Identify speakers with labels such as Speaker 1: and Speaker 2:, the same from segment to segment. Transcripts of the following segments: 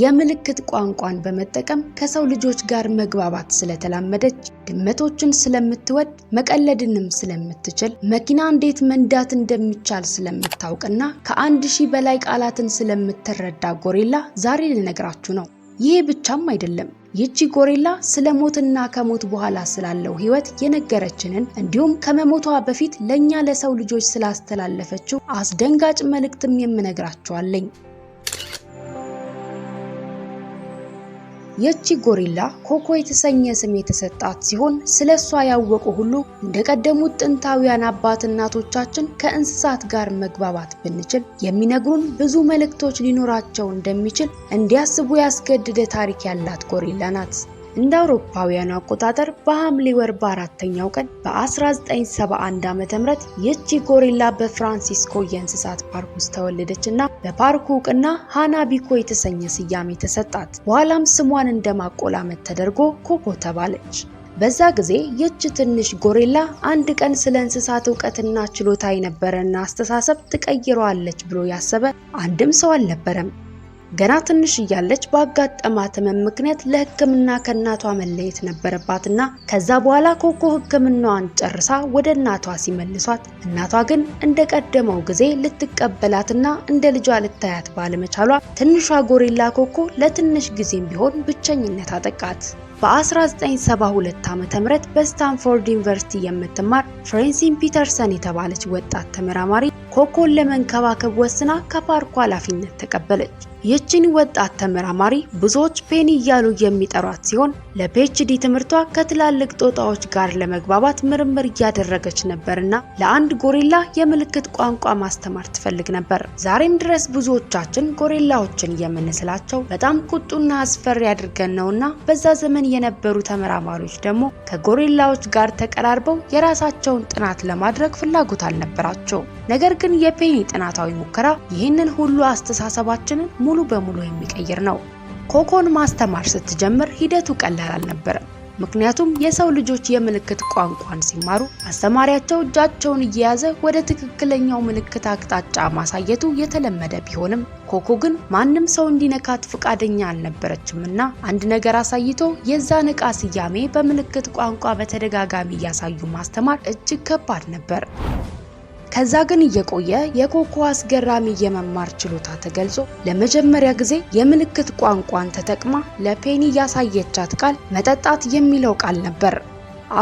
Speaker 1: የምልክት ቋንቋን በመጠቀም ከሰው ልጆች ጋር መግባባት ስለተላመደች፣ ድመቶችን ስለምትወድ፣ መቀለድንም ስለምትችል፣ መኪና እንዴት መንዳት እንደሚቻል ስለምታውቅና ከአንድ ሺህ በላይ ቃላትን ስለምትረዳ ጎሪላ ዛሬ ልነግራችሁ ነው። ይህ ብቻም አይደለም። ይቺ ጎሪላ ስለ ሞትና ከሞት በኋላ ስላለው ሕይወት የነገረችንን እንዲሁም ከመሞቷ በፊት ለእኛ ለሰው ልጆች ስላስተላለፈችው አስደንጋጭ መልእክትም የምነግራችኋለኝ። የቺ ጎሪላ ኮኮ የተሰኘ ስም የተሰጣት ሲሆን ስለ እሷ ያወቁ ሁሉ እንደቀደሙት ጥንታውያን አባት እናቶቻችን ከእንስሳት ጋር መግባባት ብንችል የሚነግሩን ብዙ መልእክቶች ሊኖራቸው እንደሚችል እንዲያስቡ ያስገደደ ታሪክ ያላት ጎሪላ ናት። እንደ አውሮፓውያኑ አቆጣጠር በሐምሌ ወር በአራተኛው ቀን በ1971 ዓ.ም ይቺ ጎሪላ በፍራንሲስኮ የእንስሳት ፓርክ ውስጥ ተወለደች እና በፓርኩ እውቅና ሃናቢኮ የተሰኘ ስያሜ ተሰጣት። በኋላም ስሟን እንደ ማቆላመጥ ተደርጎ ኮኮ ተባለች። በዛ ጊዜ ይች ትንሽ ጎሪላ አንድ ቀን ስለ እንስሳት እውቀትና ችሎታ የነበረና አስተሳሰብ ትቀይረዋለች ብሎ ያሰበ አንድም ሰው አልነበረም። ገና ትንሽ እያለች ባጋጠማት ሕመም ምክንያት ለህክምና ከእናቷ መለየት ነበረባትና ከዛ በኋላ ኮኮ ህክምናዋን ጨርሳ ወደ እናቷ ሲመልሷት እናቷ ግን እንደ ቀደመው ጊዜ ልትቀበላትና እንደ ልጇ ልታያት ባለመቻሏ ትንሿ ጎሪላ ኮኮ ለትንሽ ጊዜም ቢሆን ብቸኝነት አጠቃት። በ1972 ም በስታንፎርድ ዩኒቨርሲቲ የምትማር ፍሬንሲን ፒተርሰን የተባለች ወጣት ተመራማሪ ኮኮን ለመንከባከብ ወስና ከፓርኩ ኃላፊነት ተቀበለች። ይህችን ወጣት ተመራማሪ ብዙዎች ፔኒ እያሉ የሚጠሯት ሲሆን ለፒኤችዲ ትምህርቷ ከትላልቅ ጦጣዎች ጋር ለመግባባት ምርምር እያደረገች ነበርና ለአንድ ጎሪላ የምልክት ቋንቋ ማስተማር ትፈልግ ነበር። ዛሬም ድረስ ብዙዎቻችን ጎሪላዎችን የምንስላቸው በጣም ቁጡና አስፈሪ አድርገን ነውና በዛ ዘመን የነበሩ ተመራማሪዎች ደግሞ ከጎሪላዎች ጋር ተቀራርበው የራሳቸውን ጥናት ለማድረግ ፍላጎት አልነበራቸው። ነገር ግን የፔኒ ጥናታዊ ሙከራ ይህንን ሁሉ አስተሳሰባችንን ሙሉ በሙሉ የሚቀይር ነው። ኮኮን ማስተማር ስትጀምር ሂደቱ ቀላል አልነበረም። ምክንያቱም የሰው ልጆች የምልክት ቋንቋን ሲማሩ አስተማሪያቸው እጃቸውን እየያዘ ወደ ትክክለኛው ምልክት አቅጣጫ ማሳየቱ የተለመደ ቢሆንም ኮኮ ግን ማንም ሰው እንዲነካት ፈቃደኛ አልነበረችም እና አንድ ነገር አሳይቶ የዛን ዕቃ ስያሜ በምልክት ቋንቋ በተደጋጋሚ እያሳዩ ማስተማር እጅግ ከባድ ነበር። ከዛ ግን እየቆየ የኮኮ አስገራሚ የመማር ችሎታ ተገልጾ ለመጀመሪያ ጊዜ የምልክት ቋንቋን ተጠቅማ ለፔኒ ያሳየቻት ቃል መጠጣት የሚለው ቃል ነበር።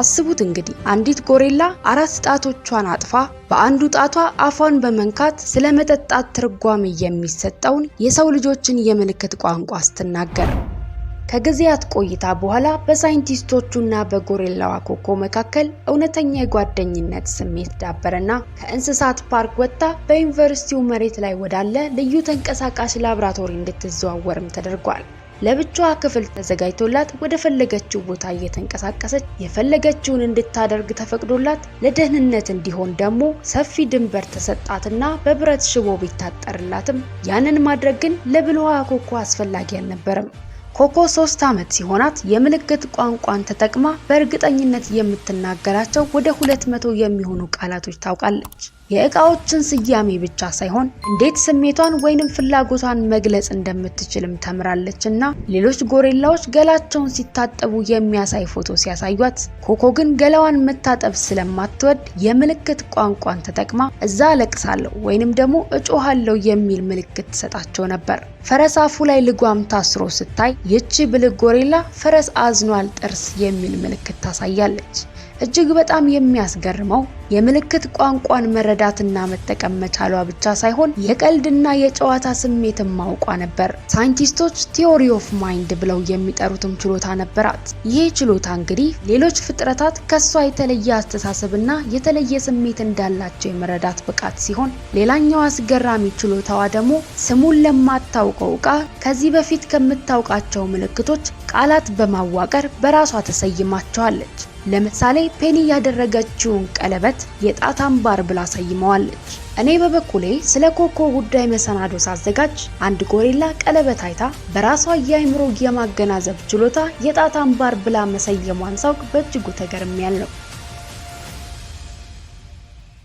Speaker 1: አስቡት እንግዲህ አንዲት ጎሬላ አራት ጣቶቿን አጥፋ በአንዱ ጣቷ አፏን በመንካት ስለ መጠጣት ትርጓሜ የሚሰጠውን የሰው ልጆችን የምልክት ቋንቋ ስትናገር ከጊዜያት ቆይታ በኋላ በሳይንቲስቶቹና በጎሪላዋ ኮኮ መካከል እውነተኛ የጓደኝነት ስሜት ዳበረና ከእንስሳት ፓርክ ወጥታ በዩኒቨርሲቲው መሬት ላይ ወዳለ ልዩ ተንቀሳቃሽ ላብራቶሪ እንድትዘዋወርም ተደርጓል። ለብቻዋ ክፍል ተዘጋጅቶላት ወደ ፈለገችው ቦታ እየተንቀሳቀሰች የፈለገችውን እንድታደርግ ተፈቅዶላት፣ ለደህንነት እንዲሆን ደግሞ ሰፊ ድንበር ተሰጣትና በብረት ሽቦ ቢታጠርላትም ያንን ማድረግ ግን ለብልህዋ ኮኮ አስፈላጊ አልነበረም። ኮኮ ሶስት ዓመት ሲሆናት የምልክት ቋንቋን ተጠቅማ በእርግጠኝነት የምትናገራቸው ወደ ሁለት መቶ የሚሆኑ ቃላቶች ታውቃለች። የእቃዎችን ስያሜ ብቻ ሳይሆን እንዴት ስሜቷን ወይንም ፍላጎቷን መግለጽ እንደምትችልም ተምራለች እና ሌሎች ጎሪላዎች ገላቸውን ሲታጠቡ የሚያሳይ ፎቶ ሲያሳዩት ኮኮ ግን ገላዋን መታጠብ ስለማትወድ የምልክት ቋንቋን ተጠቅማ እዛ አለቅሳለሁ ወይንም ደግሞ እጮሃለሁ የሚል ምልክት ትሰጣቸው ነበር። ፈረስ አፉ ላይ ልጓም ታስሮ ስታይ ይቺ ብልህ ጎሪላ ፈረስ አዝኗል ጥርስ የሚል ምልክት ታሳያለች። እጅግ በጣም የሚያስገርመው የምልክት ቋንቋን መረዳትና መጠቀም መቻሏ ብቻ ሳይሆን የቀልድና የጨዋታ ስሜት ማውቋ ነበር። ሳይንቲስቶች ቲዮሪ ኦፍ ማይንድ ብለው የሚጠሩትም ችሎታ ነበራት። ይህ ችሎታ እንግዲህ ሌሎች ፍጥረታት ከሷ የተለየ አስተሳሰብና የተለየ ስሜት እንዳላቸው የመረዳት ብቃት ሲሆን፣ ሌላኛው አስገራሚ ችሎታዋ ደግሞ ስሙን ለማታውቀው እቃ ከዚህ በፊት ከምታውቃቸው ምልክቶች ቃላት በማዋቀር በራሷ ተሰይማቸዋለች። ለምሳሌ ፔኒ ያደረገችውን ቀለበት የጣት አምባር ብላ ሰይመዋለች። እኔ በበኩሌ ስለ ኮኮ ጉዳይ መሰናዶ ሳዘጋጅ አንድ ጎሪላ ቀለበት አይታ በራሷ የአይምሮ የማገናዘብ ችሎታ የጣት አምባር ብላ መሰየሟን ሳውቅ በእጅጉ ተገርሚያለሁ።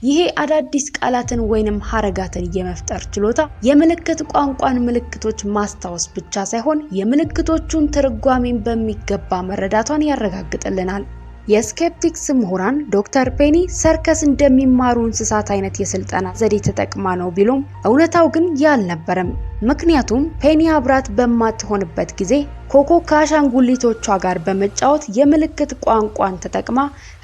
Speaker 1: ይሄ አዳዲስ ቃላትን ወይንም ሀረጋትን የመፍጠር ችሎታ የምልክት ቋንቋን ምልክቶች ማስታወስ ብቻ ሳይሆን የምልክቶቹን ትርጓሜን በሚገባ መረዳቷን ያረጋግጥልናል። የስኬፕቲክስ ምሁራን ዶክተር ፔኒ ሰርከስ እንደሚማሩ እንስሳት አይነት የስልጠና ዘዴ ተጠቅማ ነው ቢሉም እውነታው ግን ያልነበረም። ምክንያቱም ፔኒ አብራት በማትሆንበት ጊዜ ኮኮ ከአሻንጉሊቶቿ ጋር በመጫወት የምልክት ቋንቋን ተጠቅማ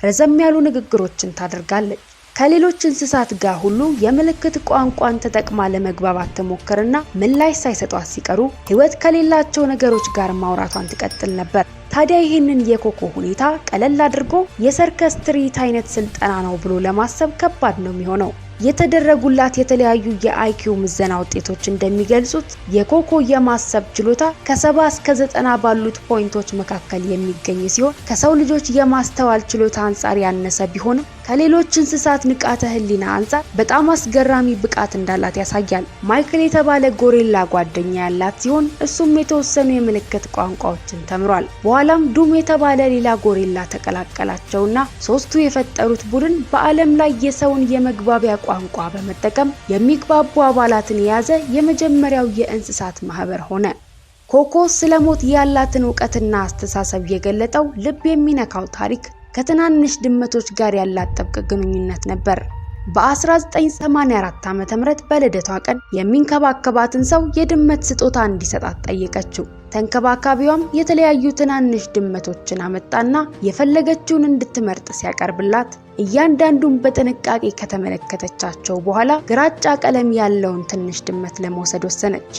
Speaker 1: ረዘም ያሉ ንግግሮችን ታደርጋለች። ከሌሎች እንስሳት ጋር ሁሉ የምልክት ቋንቋን ተጠቅማ ለመግባባት ትሞክርና ምላሽ ሳይሰጧት ሲቀሩ ሕይወት ከሌላቸው ነገሮች ጋር ማውራቷን ትቀጥል ነበር። ታዲያ ይህንን የኮኮ ሁኔታ ቀለል አድርጎ የሰርከስ ትርኢት አይነት ስልጠና ነው ብሎ ለማሰብ ከባድ ነው የሚሆነው። የተደረጉላት የተለያዩ የአይኪው ምዘና ውጤቶች እንደሚገልጹት የኮኮ የማሰብ ችሎታ ከሰባ እስከ ዘጠና ባሉት ፖይንቶች መካከል የሚገኝ ሲሆን ከሰው ልጆች የማስተዋል ችሎታ አንጻር ያነሰ ቢሆንም ከሌሎች እንስሳት ንቃተ ህሊና አንጻር በጣም አስገራሚ ብቃት እንዳላት ያሳያል። ማይክል የተባለ ጎሪላ ጓደኛ ያላት ሲሆን እሱም የተወሰኑ የምልክት ቋንቋዎችን ተምሯል። በኋላም ዱም የተባለ ሌላ ጎሪላ ተቀላቀላቸውና ሶስቱ የፈጠሩት ቡድን በዓለም ላይ የሰውን የመግባቢያ ቋንቋ በመጠቀም የሚግባቡ አባላትን የያዘ የመጀመሪያው የእንስሳት ማህበር ሆነ። ኮኮ ስለ ሞት ያላትን እውቀትና አስተሳሰብ የገለጠው ልብ የሚነካው ታሪክ ከትናንሽ ድመቶች ጋር ያላት ጥብቅ ግንኙነት ነበር። በ1984 ዓ.ም በልደቷ ቀን የሚንከባከባትን ሰው የድመት ስጦታ እንዲሰጣት ጠየቀችው። ተንከባካቢዋም የተለያዩ ትናንሽ ድመቶችን አመጣና የፈለገችውን እንድትመርጥ ሲያቀርብላት እያንዳንዱን በጥንቃቄ ከተመለከተቻቸው በኋላ ግራጫ ቀለም ያለውን ትንሽ ድመት ለመውሰድ ወሰነች።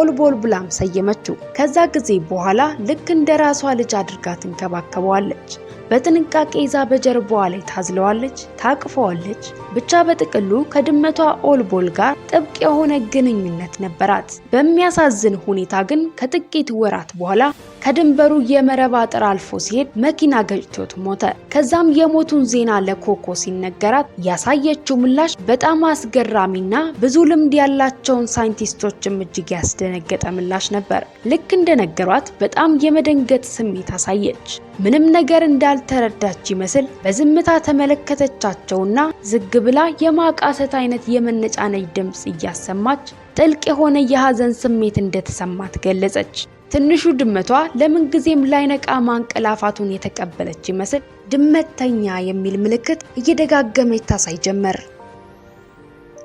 Speaker 1: ኦልቦል ብላም ሰየመችው። ከዛ ጊዜ በኋላ ልክ እንደ ራሷ ልጅ አድርጋ ትንከባከበዋለች። በጥንቃቄ ይዛ በጀርባዋ ላይ ታዝለዋለች፣ ታቅፈዋለች። ብቻ በጥቅሉ ከድመቷ ኦልቦል ጋር ጥብቅ የሆነ ግንኙነት ነበራት። በሚያሳዝን ሁኔታ ግን ከጥቂት ወራት በኋላ ከድንበሩ የመረብ አጥር አልፎ ሲሄድ መኪና ገጭቶት ሞተ። ከዛም የሞቱን ዜና ለኮኮ ሲነገራት ያሳየችው ምላሽ በጣም አስገራሚና ብዙ ልምድ ያላቸውን ሳይንቲስቶችም እጅግ ያስደነገጠ ምላሽ ነበር። ልክ እንደነገሯት በጣም የመደንገጥ ስሜት አሳየች። ምንም ነገር እንዳል ያልተረዳች ይመስል በዝምታ ተመለከተቻቸውና ዝግ ብላ የማቃሰት አይነት የመነጫነጭ ድምፅ እያሰማች ጥልቅ የሆነ የሐዘን ስሜት እንደተሰማት ገለጸች። ትንሹ ድመቷ ለምን ጊዜም ላይነቃ ማንቀላፋቱን የተቀበለች ይመስል ድመተኛ የሚል ምልክት እየደጋገመች ታሳይ ጀመር።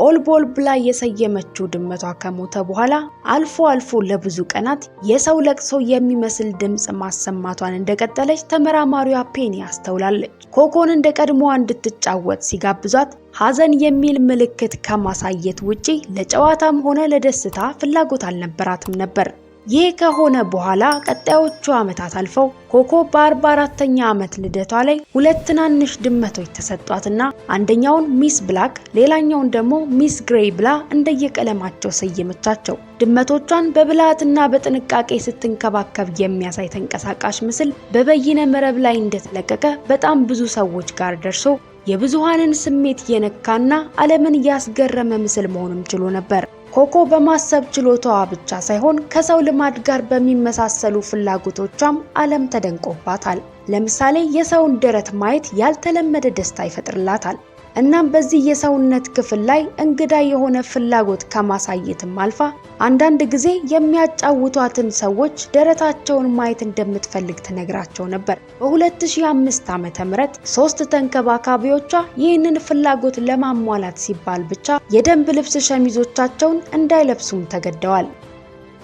Speaker 1: ኦልቦል ብላ የሰየመችው ድመቷ ከሞተ በኋላ አልፎ አልፎ ለብዙ ቀናት የሰው ለቅሶ የሚመስል ድምፅ ማሰማቷን እንደቀጠለች ተመራማሪዋ ፔኒ አስተውላለች። ኮኮን እንደ ቀድሞዋ እንድትጫወት ሲጋብዟት ሐዘን የሚል ምልክት ከማሳየት ውጪ ለጨዋታም ሆነ ለደስታ ፍላጎት አልነበራትም ነበር። ይህ ከሆነ በኋላ ቀጣዮቹ ዓመታት አልፈው ኮኮ በ 44 ዓመት ልደቷ ላይ ሁለት ትናንሽ ድመቶች ተሰጧትና አንደኛውን ሚስ ብላክ ሌላኛውን ደግሞ ሚስ ግሬይ ብላ እንደየቀለማቸው ሰየመቻቸው። ድመቶቿን በብልሃትና በጥንቃቄ ስትንከባከብ የሚያሳይ ተንቀሳቃሽ ምስል በበይነ መረብ ላይ እንደተለቀቀ በጣም ብዙ ሰዎች ጋር ደርሶ የብዙሃንን ስሜት የነካና ዓለምን ያስገረመ ምስል መሆኑም ችሎ ነበር። ኮኮ በማሰብ ችሎታዋ ብቻ ሳይሆን ከሰው ልማድ ጋር በሚመሳሰሉ ፍላጎቶቿም ዓለም ተደንቆባታል። ለምሳሌ የሰውን ደረት ማየት ያልተለመደ ደስታ ይፈጥርላታል። እናም በዚህ የሰውነት ክፍል ላይ እንግዳ የሆነ ፍላጎት ከማሳየትም አልፋ አንዳንድ ጊዜ የሚያጫውቷትን ሰዎች ደረታቸውን ማየት እንደምትፈልግ ትነግራቸው ነበር። በ2005 ም ሶስት ተንከባካቢዎቿ ይህንን ፍላጎት ለማሟላት ሲባል ብቻ የደንብ ልብስ ሸሚዞቻቸውን እንዳይለብሱም ተገደዋል።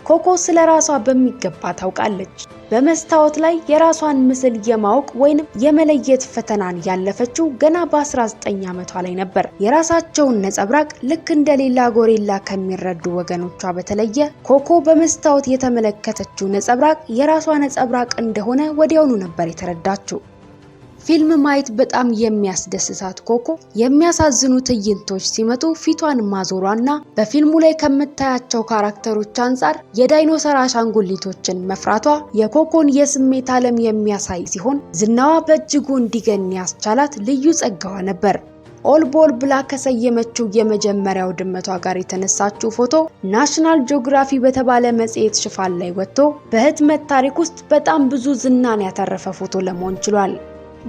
Speaker 1: ኮኮ ስለ ራሷ በሚገባ ታውቃለች። በመስታወት ላይ የራሷን ምስል የማወቅ ወይንም የመለየት ፈተናን ያለፈችው ገና በ19 ዓመቷ ላይ ነበር። የራሳቸውን ነጸብራቅ ልክ እንደ ሌላ ጎሪላ ከሚረዱ ወገኖቿ በተለየ ኮኮ በመስታወት የተመለከተችው ነጸብራቅ የራሷ ነጸብራቅ እንደሆነ ወዲያውኑ ነበር የተረዳችው። ፊልም ማየት በጣም የሚያስደስታት ኮኮ የሚያሳዝኑ ትዕይንቶች ሲመጡ ፊቷን ማዞሯና በፊልሙ ላይ ከምታያቸው ካራክተሮች አንጻር የዳይኖሰር አሻንጉሊቶችን መፍራቷ የኮኮን የስሜት ዓለም የሚያሳይ ሲሆን ዝናዋ በእጅጉ እንዲገን ያስቻላት ልዩ ጸጋዋ ነበር። ቦል ብላ ከሰየመችው የመጀመሪያው ድመቷ ጋር የተነሳችው ፎቶ ናሽናል ጂኦግራፊ በተባለ መጽሔት ሽፋን ላይ ወጥቶ በህትመት ታሪክ ውስጥ በጣም ብዙ ዝናን ያተረፈ ፎቶ ለመሆን ችሏል።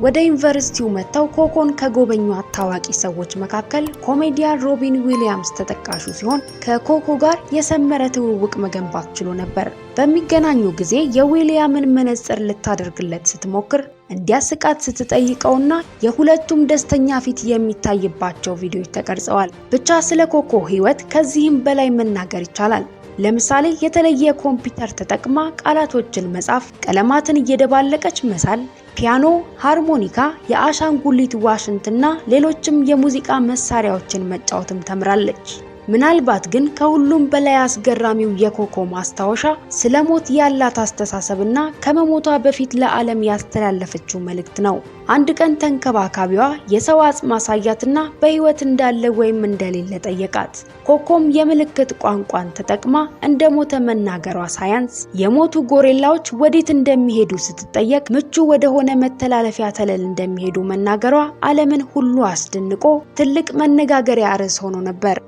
Speaker 1: ወደ ዩኒቨርሲቲው መጥተው ኮኮን ከጎበኟት ታዋቂ ሰዎች መካከል ኮሜዲያን ሮቢን ዊሊያምስ ተጠቃሹ ሲሆን ከኮኮ ጋር የሰመረ ትውውቅ መገንባት ችሎ ነበር። በሚገናኙ ጊዜ የዊሊያምን መነጽር ልታደርግለት ስትሞክር እንዲያስቃት ስትጠይቀውና የሁለቱም ደስተኛ ፊት የሚታይባቸው ቪዲዮዎች ተቀርጸዋል። ብቻ ስለ ኮኮ ሕይወት ከዚህም በላይ መናገር ይቻላል። ለምሳሌ የተለየ ኮምፒውተር ተጠቅማ ቃላቶችን መጻፍ፣ ቀለማትን እየደባለቀች መሳል፣ ፒያኖ፣ ሃርሞኒካ፣ የአሻንጉሊት ዋሽንትና ሌሎችም የሙዚቃ መሳሪያዎችን መጫወትም ተምራለች። ምናልባት ግን ከሁሉም በላይ አስገራሚው የኮኮ ማስታወሻ ስለ ሞት ያላት አስተሳሰብና ከመሞቷ በፊት ለዓለም ያስተላለፈችው መልእክት ነው። አንድ ቀን ተንከባካቢዋ የሰው አጽም ማሳያትና በሕይወት እንዳለ ወይም እንደሌለ ጠየቃት። ኮኮም የምልክት ቋንቋን ተጠቅማ እንደ ሞተ መናገሯ ሳያንስ የሞቱ ጎሬላዎች ወዴት እንደሚሄዱ ስትጠየቅ ምቹ ወደሆነ መተላለፊያ ተለል እንደሚሄዱ መናገሯ ዓለምን ሁሉ አስደንቆ ትልቅ መነጋገሪያ ርዕስ ሆኖ ነበር።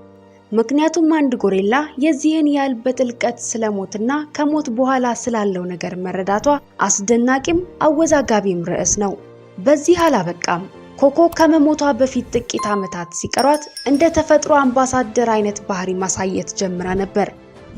Speaker 1: ምክንያቱም አንድ ጎሬላ የዚህን ያህል በጥልቀት ስለ ሞትና ከሞት በኋላ ስላለው ነገር መረዳቷ አስደናቂም አወዛጋቢም ርዕስ ነው። በዚህ አላበቃም። ኮኮ ከመሞቷ በፊት ጥቂት ዓመታት ሲቀሯት እንደ ተፈጥሮ አምባሳደር አይነት ባህሪ ማሳየት ጀምራ ነበር።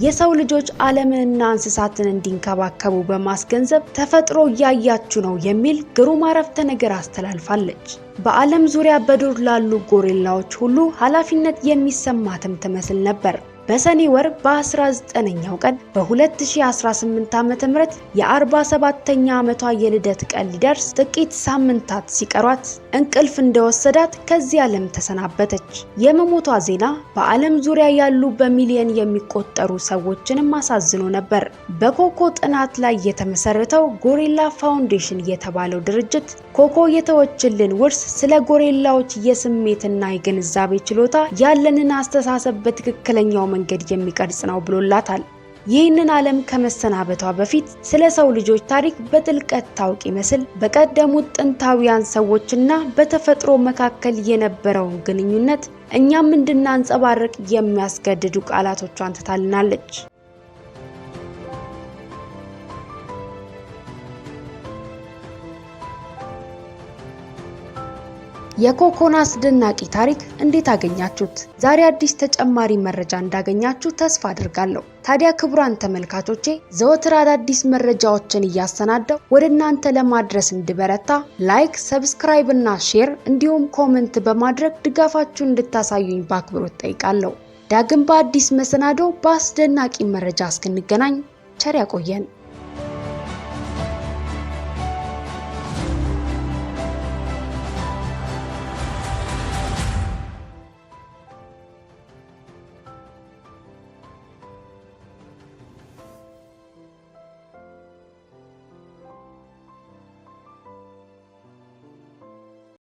Speaker 1: የሰው ልጆች ዓለምንና እንስሳትን እንዲንከባከቡ በማስገንዘብ ተፈጥሮ እያያችሁ ነው የሚል ግሩም አረፍተ ነገር አስተላልፋለች። በዓለም ዙሪያ በዱር ላሉ ጎሪላዎች ሁሉ ኃላፊነት የሚሰማትም ትመስል ነበር። በሰኔ ወር በ19ኛው ቀን በ2018 ዓ.ም የ47ኛ ዓመቷ የልደት ቀን ሊደርስ ጥቂት ሳምንታት ሲቀሯት እንቅልፍ እንደወሰዳት ከዚህ ዓለም ተሰናበተች። የመሞቷ ዜና በዓለም ዙሪያ ያሉ በሚሊየን የሚቆጠሩ ሰዎችንም አሳዝኖ ነበር። በኮኮ ጥናት ላይ የተመሰረተው ጎሪላ ፋውንዴሽን የተባለው ድርጅት ኮኮ የተወችልን ውርስ ስለ ጎሪላዎች የስሜትና የግንዛቤ ችሎታ ያለንን አስተሳሰብ በትክክለኛው መንገድ የሚቀርጽ ነው ብሎላታል። ይህንን ዓለም ከመሰናበቷ በፊት ስለ ሰው ልጆች ታሪክ በጥልቀት ታውቅ ይመስል በቀደሙት ጥንታዊያን ሰዎችና በተፈጥሮ መካከል የነበረውን ግንኙነት እኛም እንድናንጸባርቅ የሚያስገድዱ ቃላቶቿን ትታልናለች። የኮኮን አስደናቂ ታሪክ እንዴት አገኛችሁት? ዛሬ አዲስ ተጨማሪ መረጃ እንዳገኛችሁ ተስፋ አድርጋለሁ። ታዲያ ክቡራን ተመልካቾቼ ዘወትር አዳዲስ መረጃዎችን እያሰናዳው ወደ እናንተ ለማድረስ እንድበረታ ላይክ፣ ሰብስክራይብ እና ሼር እንዲሁም ኮመንት በማድረግ ድጋፋችሁን እንድታሳዩኝ በአክብሮት ጠይቃለሁ። ዳግም በአዲስ መሰናዶ በአስደናቂ መረጃ እስክንገናኝ ቸር ያቆየን።